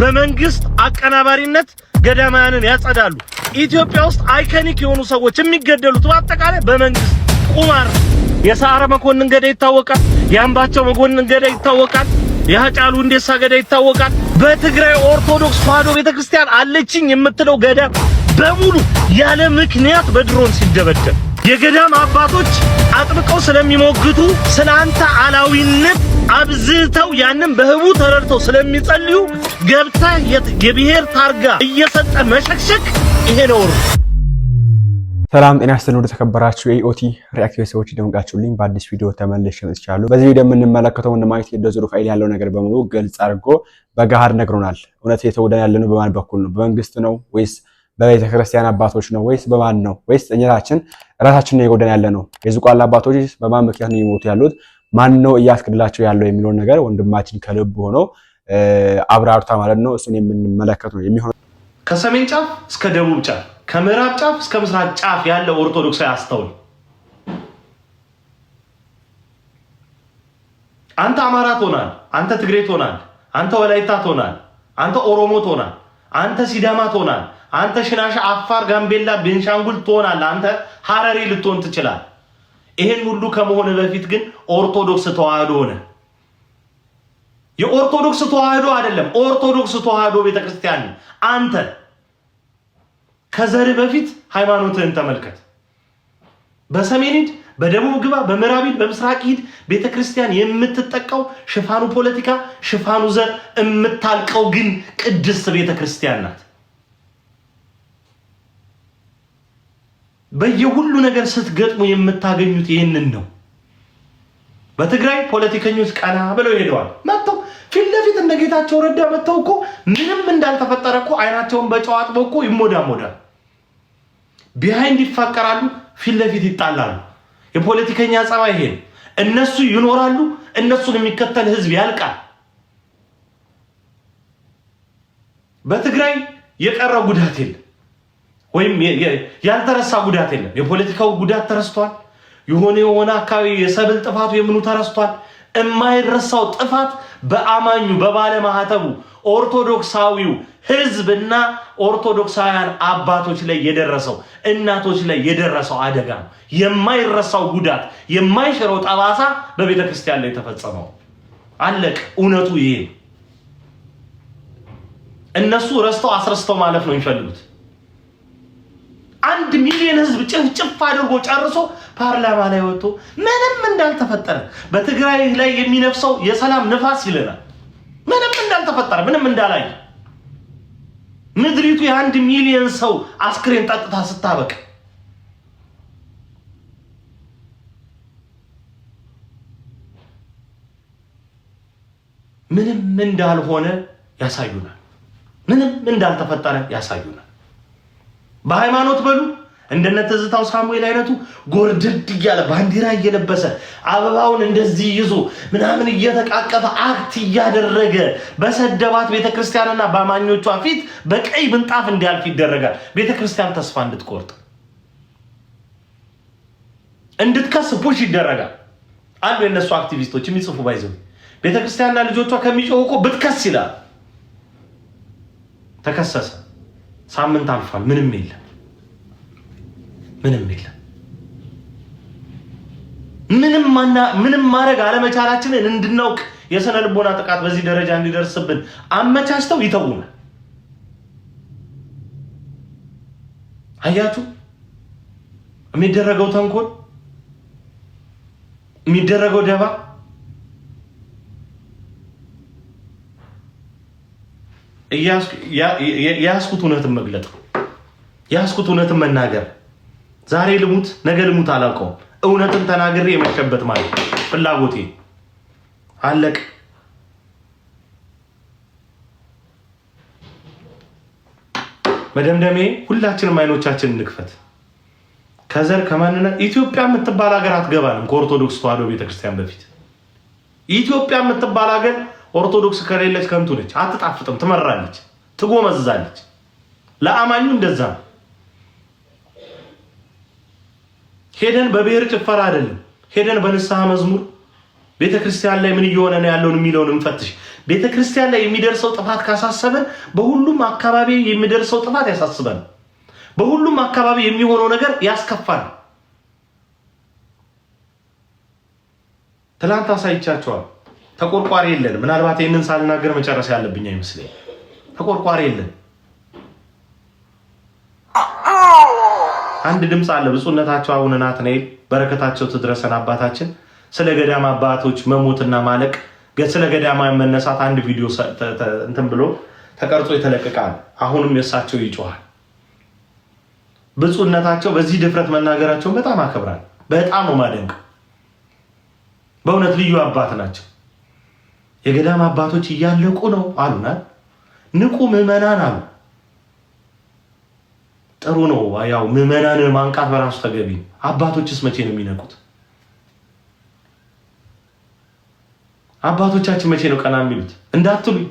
በመንግስት አቀናባሪነት ገዳማያንን ያጸዳሉ። ኢትዮጵያ ውስጥ አይከኒክ የሆኑ ሰዎች የሚገደሉት በአጠቃላይ በመንግስት ቁማር። የሰዓረ መኮንን ገዳ ይታወቃል። የአምባቸው መኮንን ገዳ ይታወቃል። የሀጫሉ ሁንዴሳ ገዳ ይታወቃል። በትግራይ ኦርቶዶክስ ተዋህዶ ቤተክርስቲያን አለችኝ የምትለው ገዳም በሙሉ ያለ ምክንያት በድሮን ሲደበደብ የገዳም አባቶች አጥብቀው ስለሚሞግቱ ስለ አንተ አላዊነት አብዝተው ያንን በህቡ ተረድተው ስለሚጸልዩ ገብተህ የብሔር ታርጋ እየሰጠ መሸክሸክ ይሄ ነው። ሰላም ጤና ይስጥልኝ። ወደ ተከበራችሁ የኢኦቲ ሪአክት ቤተሰቦች ደምቃችሁልኝ በአዲስ ቪዲዮ ተመልሼ መጥቻለሁ። በዚህ ቪዲዮ የምንመለከተው ወንድማዊት የደዙ ሩፋኤል ያለው ነገር በሙሉ ግልጽ አድርጎ በገሃድ ነግሮናል። እውነት የተወደን ያለነው በማን በኩል ነው? በመንግስት ነው ወይስ በቤተ ክርስቲያን አባቶች ነው ወይስ በማን ነው ወይስ እኛታችን ራሳችን ነው የጎደን ያለ ነው? የዝቋላ አባቶች በማን ምክንያት ነው የሞቱ ያሉት? ማን ነው እያስገደላቸው ያለው የሚለውን ነገር ወንድማችን ከልብ ሆኖ አብራርታ ማለት ነው። እሱን የምንመለከት ነው የሚሆነው። ከሰሜን ጫፍ እስከ ደቡብ ጫፍ፣ ከምዕራብ ጫፍ እስከ ምስራቅ ጫፍ ያለው ኦርቶዶክሳዊ አስተውል። አንተ አማራ ትሆናል፣ አንተ ትግሬ ትሆናል፣ አንተ ወላይታ ትሆናል፣ አንተ ኦሮሞ ትሆናል፣ አንተ ሲዳማ ትሆናል አንተ ሽናሻ፣ አፋር፣ ጋምቤላ፣ ቤንሻንጉል ትሆናለህ። አንተ ሀረሪ ልትሆን ትችላል። ይሄን ሁሉ ከመሆነ በፊት ግን ኦርቶዶክስ ተዋህዶ ሆነ። የኦርቶዶክስ ተዋህዶ አይደለም ኦርቶዶክስ ተዋህዶ ቤተክርስቲያን አንተ ከዘር በፊት ሃይማኖትህን ተመልከት። በሰሜን ሂድ፣ በደቡብ ግባ፣ በምዕራብ ሂድ፣ በምስራቅ ሂድ። ቤተክርስቲያን የምትጠቀው ሽፋኑ ፖለቲካ፣ ሽፋኑ ዘር፣ የምታልቀው ግን ቅድስት ቤተክርስቲያን ናት። በየሁሉ ነገር ስትገጥሙ የምታገኙት ይህንን ነው። በትግራይ ፖለቲከኞች ቀና ብለው ሄደዋል። መጥተው ፊት ለፊት እንደ ጌታቸው ረዳ መጥተው እኮ ምንም እንዳልተፈጠረ እኮ አይናቸውን በጨው አጥበው እኮ ይሞዳ ሞዳ ቢሃይንድ ይፋቀራሉ፣ ፊት ለፊት ይጣላሉ። የፖለቲከኛ ጸባይ ይሄ ነው። እነሱ ይኖራሉ፣ እነሱን የሚከተል ህዝብ ያልቃል። በትግራይ የቀረ ጉዳት የለም። ወይም ያልተረሳ ጉዳት የለም። የፖለቲካው ጉዳት ተረስቷል። የሆነ የሆነ አካባቢ የሰብል ጥፋቱ የምኑ ተረስቷል። የማይረሳው ጥፋት በአማኙ ማህተቡ ኦርቶዶክሳዊው ህዝብና ኦርቶዶክሳውያን አባቶች ላይ የደረሰው እናቶች ላይ የደረሰው አደጋ ነው። የማይረሳው ጉዳት የማይሽረው ጠባሳ በቤተ ክርስቲያን ላይ የተፈጸመው አለቅ። እውነቱ ይሄ እነሱ ረስተው አስረስተው ማለፍ ነው የሚፈልጉት። አንድ ሚሊዮን ህዝብ ጭፍጭፍ አድርጎ ጨርሶ ፓርላማ ላይ ወጥቶ ምንም እንዳልተፈጠረ በትግራይ ላይ የሚነፍሰው የሰላም ንፋስ ይለናል። ምንም እንዳልተፈጠረ ምንም እንዳላየ ምድሪቱ የአንድ ሚሊዮን ሰው አስክሬን ጠጥታ ስታበቅ ምንም እንዳልሆነ ያሳዩናል። ምንም እንዳልተፈጠረ ያሳዩናል። በሃይማኖት በሉ እንደነ ትዝታው ሳሙኤል አይነቱ ጎርድድ እያለ ባንዲራ እየለበሰ አበባውን እንደዚህ ይዞ ምናምን እየተቃቀፈ አክት እያደረገ በሰደባት ቤተክርስቲያንና በአማኞቿ ፊት በቀይ ምንጣፍ እንዲያልፍ ይደረጋል። ቤተክርስቲያን ተስፋ እንድትቆርጥ እንድትከስ ፑሽ ይደረጋል። አንዱ የነሱ አክቲቪስቶች የሚጽፉ ባይዘው ቤተክርስቲያንና ልጆቿ ከሚጮህ እኮ ብትከስ ይላል። ተከሰሰ። ሳምንት አልፏል። ምንም የለም፣ ምንም የለም። ምንም ማና ምንም ማድረግ አለመቻላችንን እንድናውቅ የስነ ልቦና ጥቃት በዚህ ደረጃ እንዲደርስብን አመቻችተው ይተውናል። አያችሁ የሚደረገው ተንኮል የሚደረገው ደባ የያዝኩት እውነትን መግለጥ የያዝኩት እውነትን መናገር። ዛሬ ልሙት ነገ ልሙት አላውቀውም። እውነትን ተናግሬ የመሸበት ማለት ፍላጎቴ አለቅ መደምደሜ ሁላችንም አይኖቻችን እንክፈት። ከዘር ከማንነት ኢትዮጵያ የምትባል ሀገር አትገባንም። ከኦርቶዶክስ ተዋህዶ ቤተክርስቲያን በፊት ኢትዮጵያ የምትባል ሀገር ኦርቶዶክስ ከሌለች ከንቱ ነች፣ አትጣፍጥም፣ ትመራለች፣ ትጎመዝዛለች። ለአማኙ እንደዛ ነው። ሄደን በብሔር ጭፈራ አይደለም ሄደን በንስሐ መዝሙር ቤተ ክርስቲያን ላይ ምን እየሆነ ነው ያለውን የሚለውን እንፈትሽ። ቤተ ክርስቲያን ላይ የሚደርሰው ጥፋት ካሳሰበን በሁሉም አካባቢ የሚደርሰው ጥፋት ያሳስበን፣ በሁሉም አካባቢ የሚሆነው ነገር ያስከፋል። ትላንት አሳይቻቸዋል። ተቆርቋሪ የለን። ምናልባት ይህንን ሳልናገር መጨረስ ያለብኝ አይመስለኝ። ተቆርቋሪ የለን። አንድ ድምፅ አለ። ብፁዕነታቸው አቡነ ናትናኤል በረከታቸው ትድረሰን አባታችን ስለ ገዳም አባቶች መሞትና ማለቅ ስለ ገዳማ መነሳት አንድ ቪዲዮ እንትን ብሎ ተቀርጾ የተለቀቃል። አሁንም የእሳቸው ይጮኋል ብፁዕነታቸው በዚህ ድፍረት መናገራቸውን በጣም አከብራል። በጣም ነው ማደንቅ። በእውነት ልዩ አባት ናቸው። የገዳም አባቶች እያለቁ ነው አሉና፣ ንቁ ምዕመናን አሉ። ጥሩ ነው ያው ምዕመናንን ማንቃት በራሱ ተገቢ ነው። አባቶችስ መቼ ነው የሚነቁት? አባቶቻችን መቼ ነው ቀና የሚሉት እንዳትሉኝ።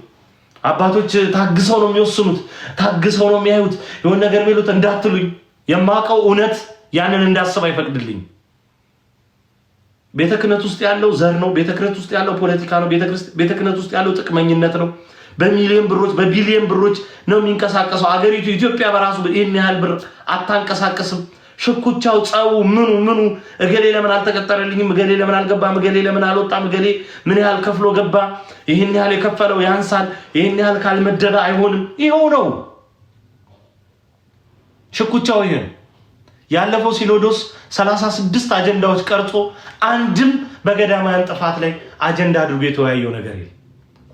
አባቶች ታግሰው ነው የሚወስኑት፣ ታግሰው ነው የሚያዩት፣ የሆነ ነገር የሚሉት እንዳትሉኝ። የማውቀው እውነት ያንን እንዳስብ አይፈቅድልኝ። ቤተ ክህነት ውስጥ ያለው ዘር ነው። ቤተ ክህነት ውስጥ ያለው ፖለቲካ ነው። ቤተ ክህነት ውስጥ ያለው ጥቅመኝነት ነው። በሚሊዮን ብሮች በቢሊዮን ብሮች ነው የሚንቀሳቀሰው። አገሪቱ ኢትዮጵያ በራሱ ይህን ያህል ብር አታንቀሳቀስም። ሽኩቻው፣ ጸቡ፣ ምኑ ምኑ እገሌ ለምን አልተቀጠረልኝም፣ እገሌ ለምን አልገባም፣ እገሌ ለምን አልወጣም፣ እገሌ ምን ያህል ከፍሎ ገባ፣ ይህን ያህል የከፈለው ያንሳል፣ ይህን ያህል ካልመደበ አይሆንም። ይኸው ነው ሽኩቻው ይሄ ነው። ያለፈው ሲኖዶስ 36 አጀንዳዎች ቀርጾ አንድም በገዳማያን ጥፋት ላይ አጀንዳ አድርጎ የተወያየው ነገር የለም።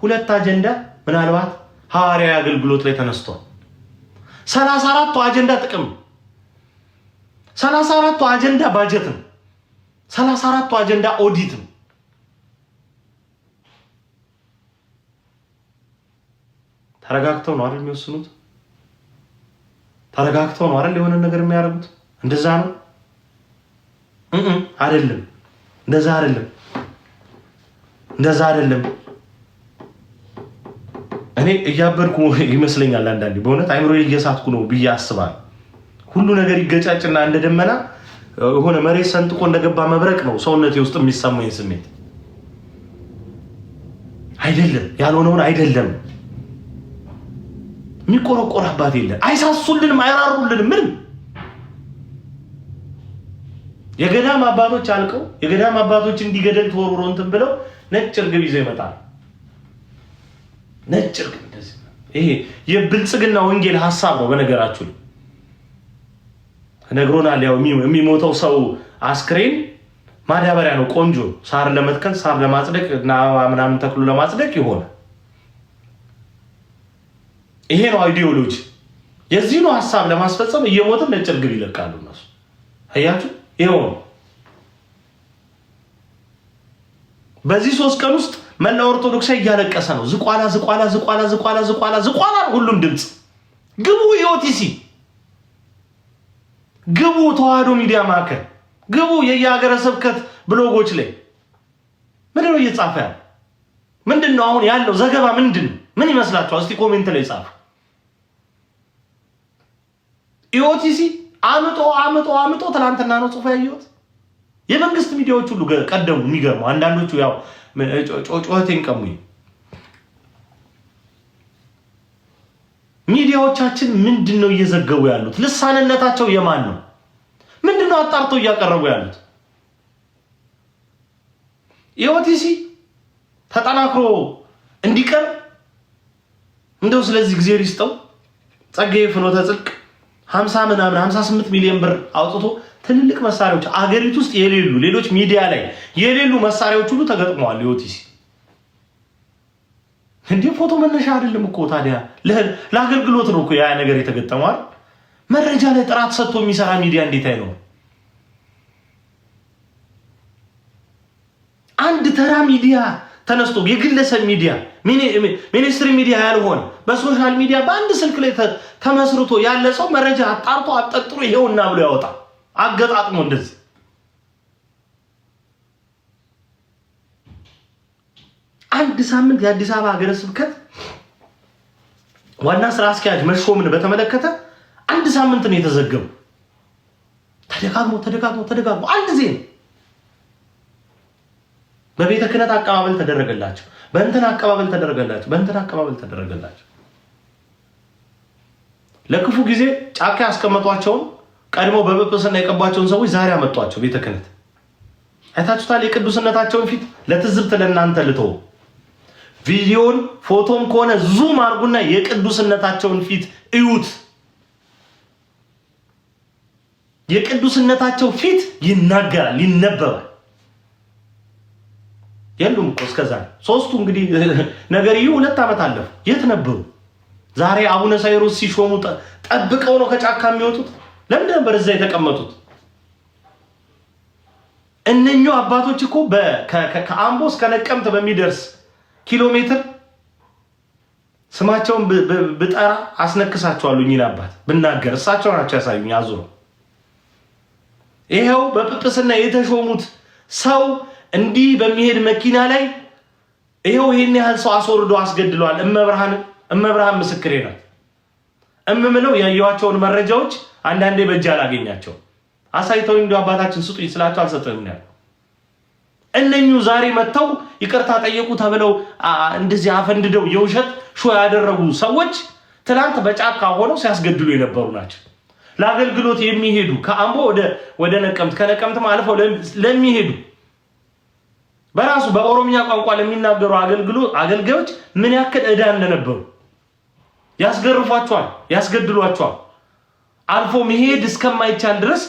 ሁለት አጀንዳ ምናልባት ሐዋርያዊ አገልግሎት ላይ ተነስቷል። 34ቱ አጀንዳ ጥቅም 34 34ቱ አጀንዳ ባጀት ነው። 34ቱ አጀንዳ ኦዲት ነው። ተረጋግተው ነው አይደል የሚወስኑት? ተረጋግተው ነው አይደል የሆነ ነገር የሚያደርጉት? እንደዛ ነው አይደለም። እንደዛ አይደለም። እንደዛ አይደለም። እኔ እያበድኩ ይመስለኛል አንዳንዴ በእውነት አይምሮ እየሳትኩ ነው ብዬ አስባል። ሁሉ ነገር ይገጫጭና እንደ ደመና የሆነ መሬት ሰንጥቆ እንደገባ መብረቅ ነው ሰውነቴ ውስጥ የሚሰማኝ ስሜት። አይደለም ያልሆነውን አይደለም። የሚቆረቆር አባት የለን። አይሳሱልንም፣ አይራሩልንም ምንም የገዳም አባቶች አልቀው የገዳም አባቶች እንዲገደል ተወርውሮ እንትን ብለው ነጭ እርግብ ይዘው ይመጣል። ነጭ እርግብ እንደዚህ ይሄ የብልጽግና ወንጌል ሀሳብ ነው። በነገራችሁ ላይ ነግሮናል። ያው የሚሞተው ሰው አስክሬን ማዳበሪያ ነው። ቆንጆ ሳር ለመትከል ሳር ለማጽደቅ እና ምናምን ተክሉ ለማጽደቅ ይሆነ ይሄ ነው አይዲዮሎጂ። ነው ሀሳብ ለማስፈጸም እየሞትን ነጭ እርግብ ይለቃሉ እነሱ አያችሁ። ይኸው በዚህ ሶስት ቀን ውስጥ መላ ኦርቶዶክሳዊ እያለቀሰ ነው። ዝቋላ ዝቋላ ዝቋላ ዝቋላ ዝቋላ ዝቋላ ሁሉም ድምፅ ግቡ፣ የኦቲሲ ግቡ፣ ተዋህዶ ሚዲያ ማዕከል ግቡ፣ የየሀገረ ስብከት ብሎጎች ላይ ምንድን ነው እየጻፈ ያለ? ምንድን ነው አሁን ያለው ዘገባ ምንድን ምን ይመስላችኋል? እስቲ ኮሜንት ላይ ጻፉ። ኢኦቲሲ አምጦ አምጦ አምጦ ትናንትና ነው ጽሁፍ ያየሁት። የመንግስት ሚዲያዎች ሁሉ ቀደሙ። የሚገርሙ አንዳንዶቹ ያው ጮጮቴን ቀሙኝ። ሚዲያዎቻችን ምንድን ነው እየዘገቡ ያሉት? ልሳንነታቸው የማን ነው? ምንድን ነው አጣርተው እያቀረቡ ያሉት? የኦቲሲ ተጠናክሮ እንዲቀር እንደው ስለዚህ ጊዜ ሊስጠው ጸጋዬ ፍኖተ ጽድቅ 50 ምናምን 58 ሚሊዮን ብር አውጥቶ ትልልቅ መሳሪያዎች አገሪቱ ውስጥ የሌሉ ሌሎች ሚዲያ ላይ የሌሉ መሳሪያዎች ሁሉ ተገጥመዋል። ዮቲሲ እንዴ ፎቶ መነሻ አይደለም እኮ ታዲያ ለአገልግሎት ነው እኮ ያ ነገር የተገጠመዋል። መረጃ ላይ ጥራት ሰጥቶ የሚሰራ ሚዲያ እንዴት ነው አንድ ተራ ሚዲያ ተነስቶ የግለሰብ ሚዲያ ሚኒስትሪ ሚዲያ ያልሆነ በሶሻል ሚዲያ በአንድ ስልክ ላይ ተመስርቶ ያለ ሰው መረጃ አጣርቶ አጠጥሮ ይሄውና ብሎ ያወጣል። አገጣጥሞ እንደዚህ አንድ ሳምንት የአዲስ አበባ ሀገረ ስብከት ዋና ስራ አስኪያጅ መሾምን በተመለከተ አንድ ሳምንት ነው የተዘገበው ተደጋግሞ ተደጋግሞ ተደጋግሞ አንድ ዜ በቤተ ክህነት አቀባበል ተደረገላቸው፣ በእንትን አቀባበል ተደረገላቸው፣ በእንትን አቀባበል ተደረገላቸው። ለክፉ ጊዜ ጫካ ያስቀመጧቸውን ቀድሞ በጵጵስና የቀቧቸውን ሰዎች ዛሬ አመጧቸው ቤተ ክህነት። አይታችሁታል። የቅዱስነታቸውን ፊት ለትዝብት ለእናንተ ልተው። ቪዲዮን ፎቶም ከሆነ ዙም አድርጉና የቅዱስነታቸውን ፊት እዩት። የቅዱስነታቸው ፊት ይናገራል፣ ይነበባል። የሉም እኮ እስከዛ ሶስቱ እንግዲህ ነገርዩ ሁለት ዓመት አለፉ። የት ነበሩ? ዛሬ አቡነ ሳይሮስ ሲሾሙ ጠብቀው ነው ከጫካ የሚወጡት? ለምን ነበር እዛ የተቀመጡት? እነኛው አባቶች እኮ ከአምቦ እስከ ነቀምት በሚደርስ ኪሎ ሜትር ስማቸውን ብጠራ አስነክሳቸዋሉ እኚህን አባት ብናገር፣ እሳቸው ናቸው ያሳዩኝ አዙረው። ይኸው በጵጵስና የተሾሙት ሰው እንዲህ በሚሄድ መኪና ላይ ይኸው ይህን ያህል ሰው አስወርዶ አስገድሏል። እመብርሃን እመብርሃን ምስክሬ ናት። እምምለው ያየኋቸውን መረጃዎች አንዳንዴ በእጅ አላገኛቸው አሳይተው እንዲ አባታችን ስጡኝ ስላቸው አልሰጠንም ያለ እነኙ ዛሬ መጥተው ይቅርታ ጠየቁ ተብለው እንደዚህ አፈንድደው የውሸት ሾ ያደረጉ ሰዎች ትናንት በጫካ ሆነው ሲያስገድሉ የነበሩ ናቸው። ለአገልግሎት የሚሄዱ ከአምቦ ወደ ነቀምት ከነቀምትም አልፈው ለሚሄዱ በራሱ በኦሮምኛ ቋንቋ ለሚናገሩ አገልጋዮች ምን ያክል እዳ እንደነበሩ ያስገርፏቸዋል፣ ያስገድሏቸዋል። አልፎ መሄድ እስከማይቻል ድረስ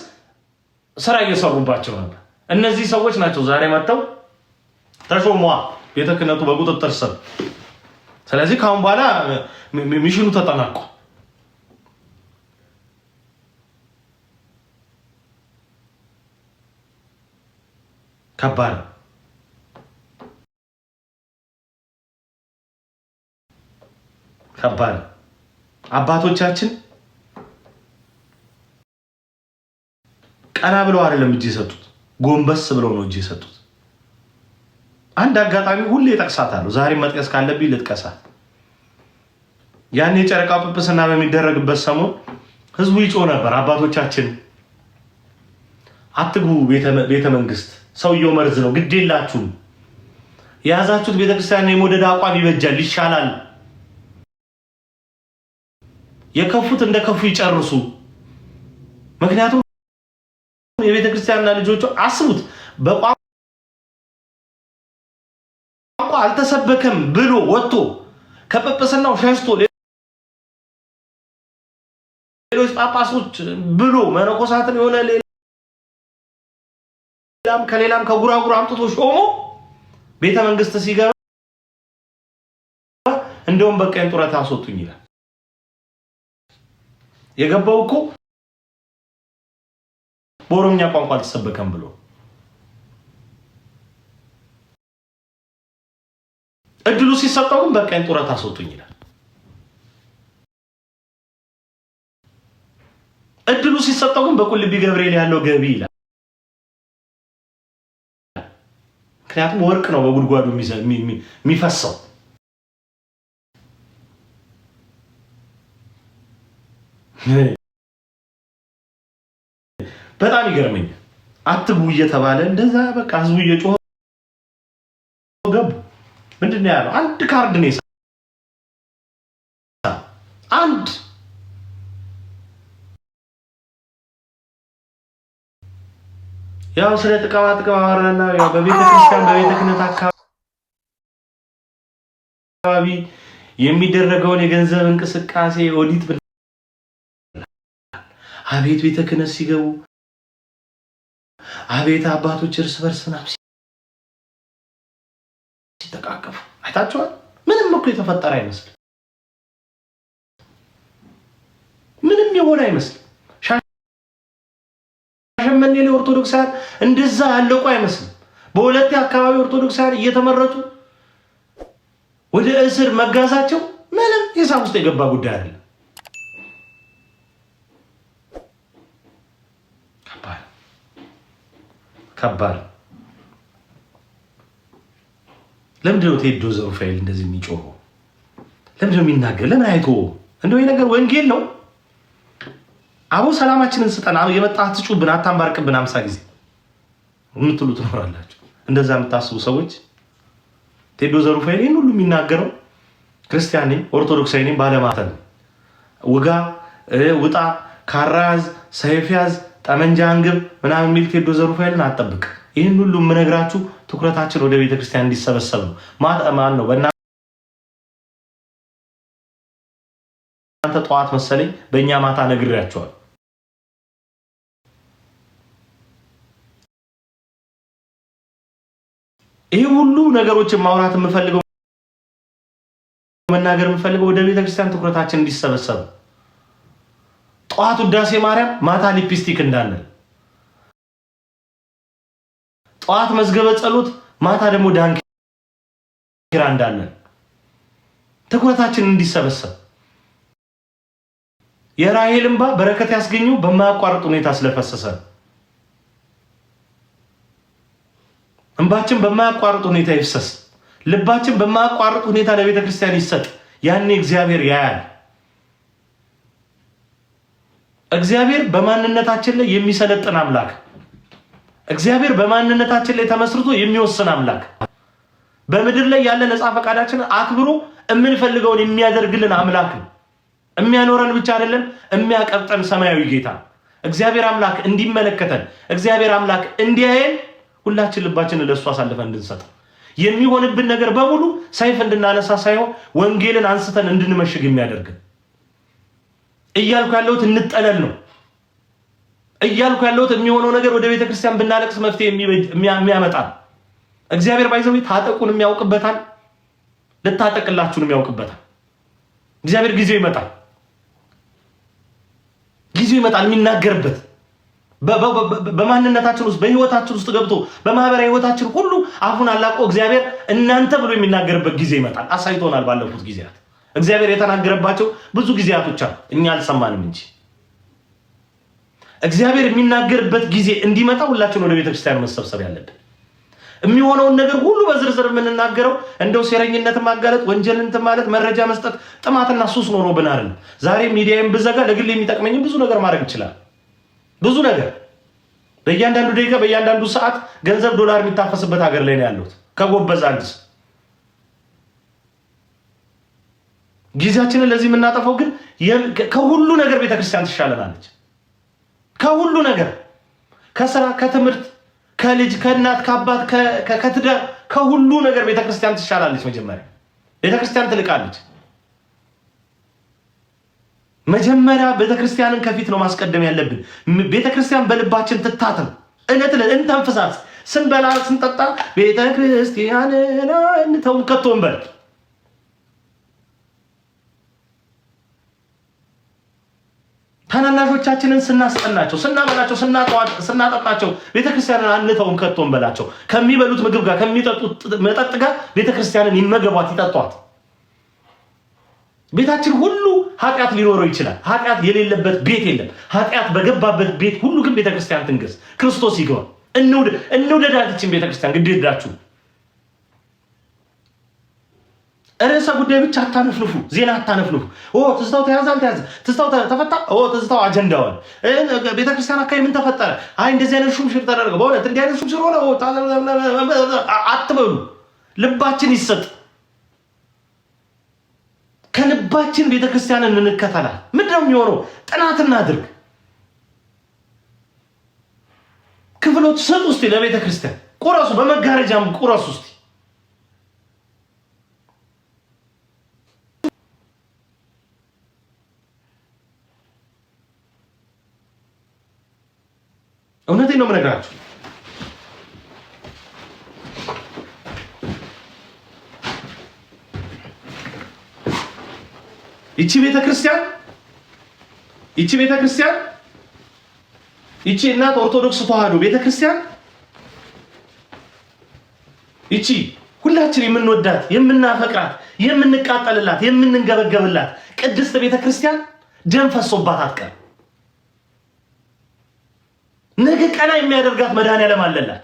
ስራ እየሰሩባቸው ነበር። እነዚህ ሰዎች ናቸው ዛሬ መጥተው ተሾሟ ቤተ ክህነቱ በቁጥጥር ስር። ስለዚህ ከአሁን በኋላ ሚሽኑ ተጠናቋል። ከባድ ነው። ከባድ አባቶቻችን ቀና ብለው አይደለም እጅ የሰጡት፣ ጎንበስ ብለው ነው እጅ የሰጡት። አንድ አጋጣሚ ሁሌ እጠቅሳታለሁ። ዛሬም መጥቀስ ካለብኝ ልጥቀሳት። ያን የጨረቃ ጵጵስና በሚደረግበት ሰሞን ህዝቡ ይጮ ነበር። አባቶቻችን አትግቡ ቤተ መንግስት፣ ሰውየው መርዝ ነው፣ ግድ የላችሁም፣ የያዛችሁት ቤተክርስቲያን የመውደድ አቋም ይበጃል፣ ይሻላል የከፉት እንደ ከፉ ይጨርሱ። ምክንያቱም የቤተ ክርስቲያንና ልጆቹ አስቡት በቋንቋ አልተሰበከም ብሎ ወጥቶ ከጵጵስናው ሸሽቶ ሌሎች ጳጳሶች ብሎ መነኮሳትን የሆነ ሌላም ከሌላም ከጉራጉራ አምጥቶ ሾሞ ቤተ መንግስት ሲገባ እንደውም በቃ ጡረታ አስወጡኝ ይላል። የገባው እኮ በኦሮምኛ ቋንቋ አልተሰበከም ብሎ እድሉ ሲሰጠው ግን በቃኝ ጡረታ አስወጡኝ ይላል። እድሉ ሲሰጠው ግን በቁልቢ ገብርኤል ያለው ገቢ ይላል። ምክንያቱም ወርቅ ነው በጉድጓዱ የሚፈሰው። በጣም ይገርመኝ። አትቡ እየተባለ እንደዛ በቃ ህዝቡ እየጮኸ ገቡ። ምንድን ነው ያለው? አንድ ካርድ ነው አንድ ያው ስለ ጥቅማ ጥቅም አወራና በቤተ ክርስቲያን በቤተ ክህነት አካባቢ የሚደረገውን የገንዘብ እንቅስቃሴ ኦዲት አቤት ቤተ ክህነት ሲገቡ አቤት አባቶች እርስ በርስ ምናምን ሲጠቃቀፉ አይታችኋል። ምንም እኮ የተፈጠረ አይመስል ምንም የሆነ አይመስል ሻሸመኔ ላይ ኦርቶዶክሳን እንደዛ ያለቁ አይመስልም። በሁለቴ አካባቢ ኦርቶዶክሳን እየተመረጡ ወደ እስር መጋዛቸው ምንም ሂሳብ ውስጥ የገባ ጉዳይ አይደለም። ከባድ ለምንድነው ቴዶ ዘሩፋኤል እንደዚህ የሚጮኸው? ለምንድነው የሚናገር? ለምን አይቶ እንደው ነገር ወንጌል ነው። አቦ ሰላማችንን ስጠን፣ የመጣ አትጩብን፣ አታንባርቅብን አምሳ ጊዜ የምትሉ ትኖራላችሁ። እንደዛ የምታስቡ ሰዎች ቴዶ ዘሩፋኤል ይህን ሁሉ የሚናገረው ክርስቲያን ነኝ ኦርቶዶክሳዊ ነኝ ባለማተብ ውጋ፣ ውጣ፣ ካራ ያዝ፣ ሰይፍ ያዝ ጠመንጃ አንግብ ምናምን የሚል ቴዶ ዘሩ ፋይልን አጠብቅ። ይህን ሁሉ የምነግራችሁ ትኩረታችን ወደ ቤተክርስቲያን እንዲሰበሰብ ነው። ማጠማን ነው። በእናንተ ጠዋት መሰለኝ በእኛ ማታ ነግሬያቸዋል። ይህ ሁሉ ነገሮችን ማውራት የምፈልገው መናገር የምፈልገው ወደ ቤተክርስቲያን ትኩረታችን እንዲሰበሰብ ጠዋት ውዳሴ ማርያም፣ ማታ ሊፕስቲክ እንዳለን፣ ጠዋት መዝገበ ጸሎት፣ ማታ ደግሞ ዳንኪራ እንዳለን፣ ትኩረታችን እንዲሰበሰብ የራሄል እንባ በረከት ያስገኙ በማያቋርጥ ሁኔታ ስለፈሰሰ እንባችን በማያቋርጥ ሁኔታ ይፍሰስ። ልባችን በማያቋርጥ ሁኔታ ለቤተ ክርስቲያን ይሰጥ። ያኔ እግዚአብሔር ያያል። እግዚአብሔር በማንነታችን ላይ የሚሰለጥን አምላክ፣ እግዚአብሔር በማንነታችን ላይ ተመስርቶ የሚወስን አምላክ፣ በምድር ላይ ያለ ነፃ ፈቃዳችንን አክብሮ የምንፈልገውን የሚያደርግልን አምላክ ነው። የሚያኖረን ብቻ አይደለም፣ የሚያቀብጠን ሰማያዊ ጌታ እግዚአብሔር አምላክ እንዲመለከተን፣ እግዚአብሔር አምላክ እንዲያየን ሁላችን ልባችንን ለእሱ አሳልፈን እንድንሰጥ የሚሆንብን ነገር በሙሉ ሰይፍ እንድናነሳ ሳይሆን ወንጌልን አንስተን እንድንመሽግ የሚያደርግን እያልኩ ያለሁት እንጠለል ነው እያልኩ ያለሁት። የሚሆነው ነገር ወደ ቤተ ክርስቲያን ብናለቅስ መፍትሄ የሚያመጣ እግዚአብሔር ባይዘው ታጠቁን የሚያውቅበታል፣ ልታጠቅላችሁን የሚያውቅበታል። እግዚአብሔር ጊዜው ይመጣል፣ ጊዜው ይመጣል የሚናገርበት በማንነታችን ውስጥ በህይወታችን ውስጥ ገብቶ በማህበራዊ ህይወታችን ሁሉ አፉን አላቆ እግዚአብሔር እናንተ ብሎ የሚናገርበት ጊዜ ይመጣል። አሳይቶናል ባለፉት ጊዜያት እግዚአብሔር የተናገረባቸው ብዙ ጊዜያቶች አሉ፣ እኛ አልሰማንም እንጂ እግዚአብሔር የሚናገርበት ጊዜ እንዲመጣ ሁላችን ወደ ቤተክርስቲያን መሰብሰብ ያለብን። የሚሆነውን ነገር ሁሉ በዝርዝር የምንናገረው እንደው ሴረኝነት ማጋለጥ፣ ወንጀልን ማለት፣ መረጃ መስጠት ጥማትና ሱስ ኖሮብን አይደለም። ዛሬ ሚዲያም ብዘጋ ለግል የሚጠቅመኝ ብዙ ነገር ማድረግ ይችላል። ብዙ ነገር በእያንዳንዱ ደቂቃ በእያንዳንዱ ሰዓት ገንዘብ ዶላር የሚታፈስበት ሀገር ላይ ነው ያለሁት ከጎበዝ አንድ ጊዜያችንን ለዚህ የምናጠፈው ግን ከሁሉ ነገር ቤተክርስቲያን ትሻለናለች። ከሁሉ ነገር ከስራ፣ ከትምህርት፣ ከልጅ፣ ከእናት፣ ከአባት፣ ከትዳር፣ ከሁሉ ነገር ቤተክርስቲያን ትሻላለች። መጀመሪያ ቤተክርስቲያን ትልቃለች። መጀመሪያ ቤተክርስቲያንን ከፊት ነው ማስቀደም ያለብን። ቤተክርስቲያን በልባችን ትታትም፣ እለት እለት እንተንፍሳት። ስንበላ ስንጠጣ ቤተክርስቲያንን እንተውን ከቶ እንበል ታናናሾቻችንን ስናስጠናቸው፣ ስናበላቸው፣ ስናጠጣቸው ቤተክርስቲያንን አንተውም ከቶም በላቸው። ከሚበሉት ምግብ ጋር ከሚጠጡት መጠጥ ጋር ቤተክርስቲያንን ይመገቧት፣ ይጠጧት። ቤታችን ሁሉ ኃጢአት ሊኖረው ይችላል። ኃጢአት የሌለበት ቤት የለም። ኃጢአት በገባበት ቤት ሁሉ ግን ቤተክርስቲያን ትንገስ። ክርስቶስ ይግባ። እንውደዳት። ቤተክርስቲያን ግድ ይላችሁ። ርዕሰ ጉዳይ ብቻ አታነፍንፉ፣ ዜና አታነፍንፉ። ትዝታው ተያዘ አልተያዘ፣ ትዝታው ተፈታ፣ ትዝታው አጀንዳ ሆነ። ቤተክርስቲያን አካባቢ ምን ተፈጠረ? አይ እንደዚህ አይነት ሹም ሽር ተደረገ፣ በእውነት እንዲህ አይነት ሹም ሽር ሆነ አትበሉ። ልባችን ይሰጥ፣ ከልባችን ቤተክርስቲያንን እንከተላል። ምንድን ነው የሚሆነው? ጥናት እናድርግ። ክፍሎች ስጥ ውስጥ ለቤተክርስቲያን ቁረሱ፣ በመጋረጃም ቁረሱ ውስጥ እውነት ነው የምነግራችሁ። ይቺ ቤተ ክርስቲያን ይቺ ቤተ ክርስቲያን ይቺ እናት ኦርቶዶክስ ተዋህዶ ቤተ ክርስቲያን ይቺ ሁላችን የምንወዳት የምናፈቅራት የምንቃጠልላት የምንንገበገብላት ቅድስት ቤተ ክርስቲያን ደም ፈሶባት አትቀር። ነገ ቀና የሚያደርጋት መድኃኒዓለም አለላት።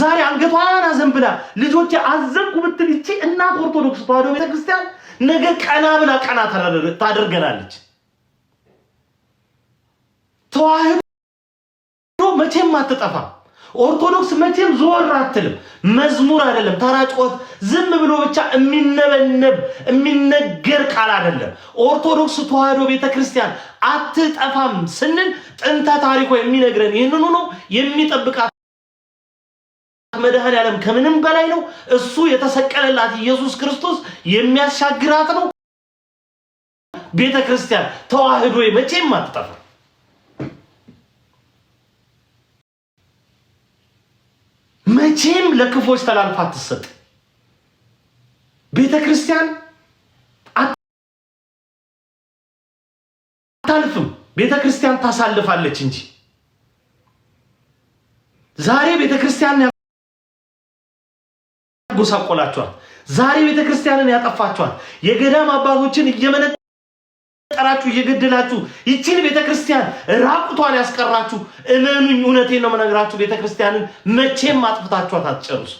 ዛሬ አንገቷን አዘንብላ ልጆቼ አዘንኩ ብትል ይቺ እናት ኦርቶዶክስ ተዋህዶ ቤተክርስቲያን ነገ ቀና ብላ ቀና ታደርገናለች። ተዋህዶ መቼም አትጠፋ። ኦርቶዶክስ መቼም ዞር አትልም። መዝሙር አይደለም ተራ ጩኸት፣ ዝም ብሎ ብቻ የሚነበነብ የሚነገር ቃል አይደለም። ኦርቶዶክስ ተዋህዶ ቤተክርስቲያን አትጠፋም ስንል ጥንተ ታሪኮ የሚነግረን ይህንኑ ነው። የሚጠብቃት መድኃኔ ከምንም በላይ ነው። እሱ የተሰቀለላት ኢየሱስ ክርስቶስ የሚያሻግራት ነው። ቤተክርስቲያን ተዋህዶ መቼም አትጠፋም። መቼም ለክፎች ተላልፋ አትሰጥ። ቤተ ክርስቲያን አታልፍም፣ ቤተ ክርስቲያን ታሳልፋለች እንጂ። ዛሬ ቤተ ክርስቲያን ያጎሳቆላችኋል፣ ዛሬ ቤተ ክርስቲያንን ያጠፋችኋል፣ የገዳም አባቶችን እየመነ እየቀጠራችሁ እየገደላችሁ ይችን ቤተክርስቲያን ራቁቷን ያስቀራችሁ፣ እመኑኝ፣ እውነቴን ነው መነግራችሁ። ቤተክርስቲያንን መቼም አጥፍታችኋት አትጨርሱ።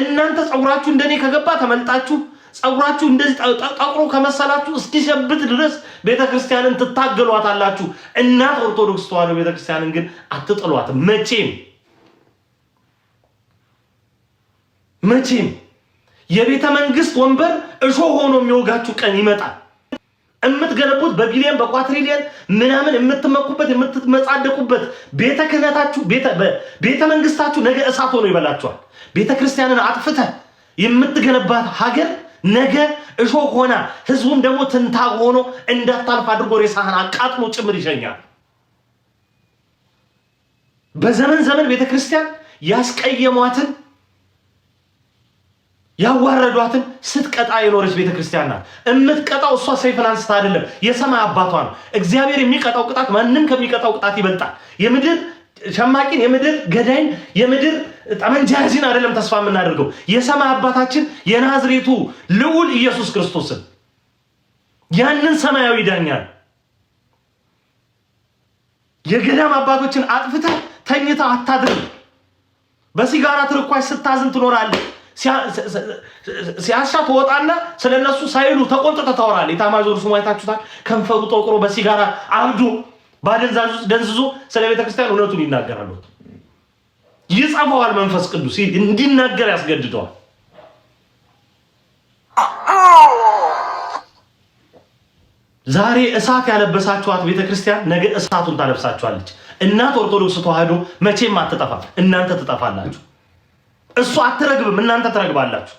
እናንተ ጸጉራችሁ እንደኔ ከገባ ተመልጣችሁ ጸጉራችሁ እንደዚህ ጠቁሮ ከመሰላችሁ እስኪሸብት ድረስ ቤተክርስቲያንን ትታገሏታላችሁ። እናት ኦርቶዶክስ ተዋሕዶ ቤተክርስቲያንን ግን አትጥሏትም መቼም መቼም። የቤተ መንግስት ወንበር እሾህ ሆኖ የሚወጋችሁ ቀን ይመጣል። የምትገነቡት በቢሊየን በኳትሪሊየን ምናምን የምትመኩበት የምትመጻደቁበት ቤተ ክህነታችሁ ቤተ መንግስታችሁ ነገ እሳት ሆኖ ይበላችኋል። ቤተ ክርስቲያንን አጥፍተ የምትገነባት ሀገር ነገ እሾህ ሆና ህዝቡም ደግሞ ትንታግ ሆኖ እንዳታልፍ አድርጎ ሬሳህን አቃጥሎ ጭምር ይሸኛል። በዘመን ዘመን ቤተ ክርስቲያን ያስቀየሟትን ያዋረዷትን ስትቀጣ የኖረች ቤተ ክርስቲያን ናት። እምትቀጣው እሷ ሰይፍን አንስታ አይደለም፣ የሰማይ አባቷ ነው። እግዚአብሔር የሚቀጣው ቅጣት ማንም ከሚቀጣው ቅጣት ይበልጣል። የምድር ሸማቂን፣ የምድር ገዳይን፣ የምድር ጠመንጃ አይደለም ተስፋ የምናደርገው የሰማይ አባታችን የናዝሬቱ ልዑል ኢየሱስ ክርስቶስን ያንን ሰማያዊ ዳኛል። የገዳም አባቶችን አጥፍተህ ተኝተህ አታድርም። በሲጋራ ትርኳሽ ስታዝን ትኖራለህ። ሲያሻ ትወጣና ስለ እነሱ ሳይሉ ተቆንጥጠ ታወራል። የታማዦር ሹም አይታችሁታል። ከንፈሩ ጠቁሮ በሲጋራ አብዶ ባደንዛዥ ደንዝዞ ስለ ቤተክርስቲያን እውነቱን ይናገራሉ። ይጸፈዋል። መንፈስ ቅዱስ እንዲናገር ያስገድደዋል። ዛሬ እሳት ያለበሳችኋት ቤተክርስቲያን ነገ እሳቱን ታለብሳችኋለች። እናት ኦርቶዶክስ ተዋህዶ መቼም አትጠፋም። እናንተ ትጠፋላችሁ። እሱ አትረግብም፣ እናንተ ትረግባላችሁ።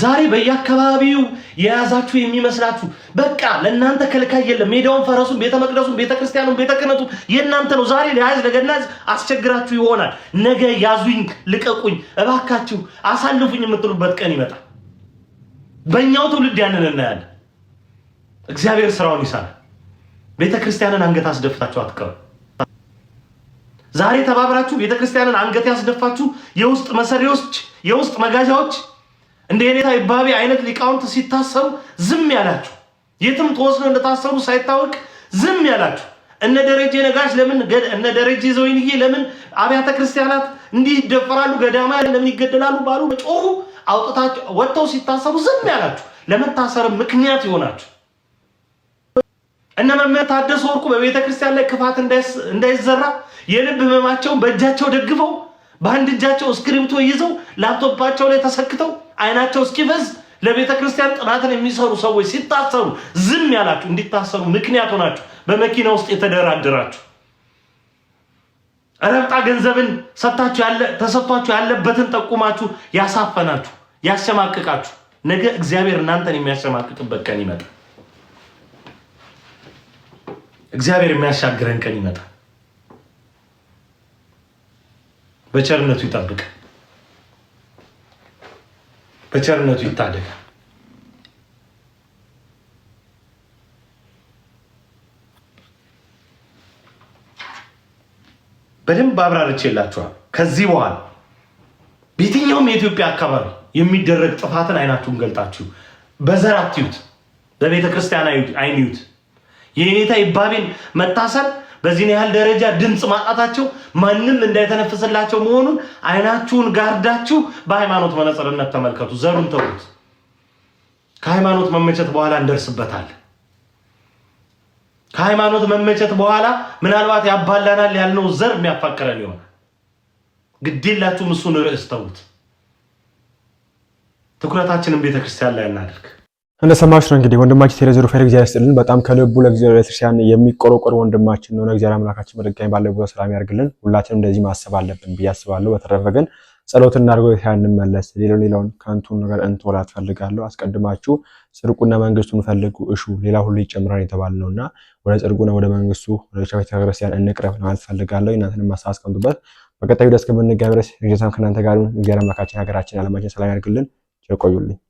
ዛሬ በየአካባቢው የያዛችሁ የሚመስላችሁ በቃ ለእናንተ ከልካይ የለም። ሜዳውን፣ ፈረሱን፣ ቤተ መቅደሱን፣ ቤተ ክርስቲያኑን፣ ቤተ ክህነቱ የእናንተ ነው። ዛሬ ለያዝ ለገናዝ አስቸግራችሁ ይሆናል። ነገ ያዙኝ፣ ልቀቁኝ፣ እባካችሁ አሳልፉኝ የምትሉበት ቀን ይመጣል። በእኛው ትውልድ ያንን እናያለን። እግዚአብሔር ስራውን ይሰራል። ቤተ ክርስቲያንን አንገት አስደፍታችሁ አትቀሩ። ዛሬ ተባብራችሁ ቤተ ክርስቲያንን አንገት ያስደፋችሁ የውስጥ መሰሪዎች፣ የውስጥ መጋዣዎች እንደ የኔታ ይባቤ አይነት ሊቃውንት ሲታሰሩ ዝም ያላችሁ፣ የትም ተወስዶ እንደታሰሩ ሳይታወቅ ዝም ያላችሁ እነ ደረጀ ነጋሽ ለምን እነ ደረጀ ዘወይንዬ ለምን አብያተ ክርስቲያናት እንዲህ ይደፈራሉ፣ ገዳማ ለምን ይገደላሉ ባሉ በጮሁ አውጥታችሁ ወጥተው ሲታሰሩ ዝም ያላችሁ ለመታሰር ምክንያት ይሆናችሁ እነ መምህር ታደሰ ወርቁ በቤተ ክርስቲያን ላይ ክፋት እንዳይዘራ የልብ ህመማቸውን በእጃቸው ደግፈው በአንድ እጃቸው እስክሪብቶ ይዘው ላፕቶፓቸው ላይ ተሰክተው አይናቸው እስኪፈዝ ለቤተ ክርስቲያን ጥናትን የሚሰሩ ሰዎች ሲታሰሩ ዝም ያላችሁ እንዲታሰሩ ምክንያት ሆናችሁ በመኪና ውስጥ የተደራደራችሁ ረብጣ ገንዘብን ተሰጥቷችሁ ያለበትን ጠቁማችሁ ያሳፈናችሁ ያሸማቅቃችሁ ነገ እግዚአብሔር እናንተን የሚያሸማቅቅበት ቀን ይመጣል። እግዚአብሔር የሚያሻግረን ቀን ይመጣል። በቸርነቱ ይጠብቃል። በቸርነቱ ይታደጋል። በደንብ አብራርች የላችኋል። ከዚህ በኋላ በየትኛውም የኢትዮጵያ አካባቢ የሚደረግ ጥፋትን አይናችሁን ገልጣችሁ በዘር አትዩት፣ በቤተ ክርስቲያን አይን የኔታ ይባቤን መታሰር በዚህን ያህል ደረጃ ድምፅ ማጣታቸው ማንም እንዳይተነፍስላቸው መሆኑን አይናችሁን ጋርዳችሁ በሃይማኖት መነጽርነት ተመልከቱ። ዘሩን ተውት። ከሃይማኖት መመቸት በኋላ እንደርስበታለን። ከሃይማኖት መመቸት በኋላ ምናልባት ያባላናል ያልነው ዘር የሚያፋቅረን ይሆናል። ግዴላችሁም እሱን ርዕስ ተውት ትኩረታችንን ቤተክርስቲያን ላይ እናድርግ። እንደሰማችሁ ነው እንግዲህ ወንድማችን ቴሌ ዜሮ ፋይል እግዚአብሔር ይስጥልን። በጣም ከልቡ ለእግዚአብሔር ቤተክርስቲያን የሚቆረቆር ወንድማችን ነው። እግዚአብሔር አምላካችን በድጋሚ ባለው ቦታ ሰላም ያርግልን። ሁላችንም እንደዚህ ማሰብ አለብን ብዬ አስባለሁ። በተረፈ ግን ጸሎት እናድርገው፣ ቤተክርስቲያን እንመለስ። ሌላውን ሌላውን ከንቱን ነገር እንተወላ ትፈልጋለሁ። አስቀድማችሁ ጽድቁና መንግስቱን ፈልጉ እሹ፣ ሌላ ሁሉ ይጨምራል የተባለ ነውና ወደ ጽድቁና ወደ መንግስቱ ወደ ቤተክርስቲያን እንቅረብ ማለት ፈልጋለሁ። እናንተንም ማሳስቀምጡበት በቀጣዩ ደስ ከምንጋብረስ ድረስ ከእናንተ ጋር እግዚአብሔር አምላካችን ሀገራችን፣ አለማችን ሰላም ያርግልን። ቆዩልኝ።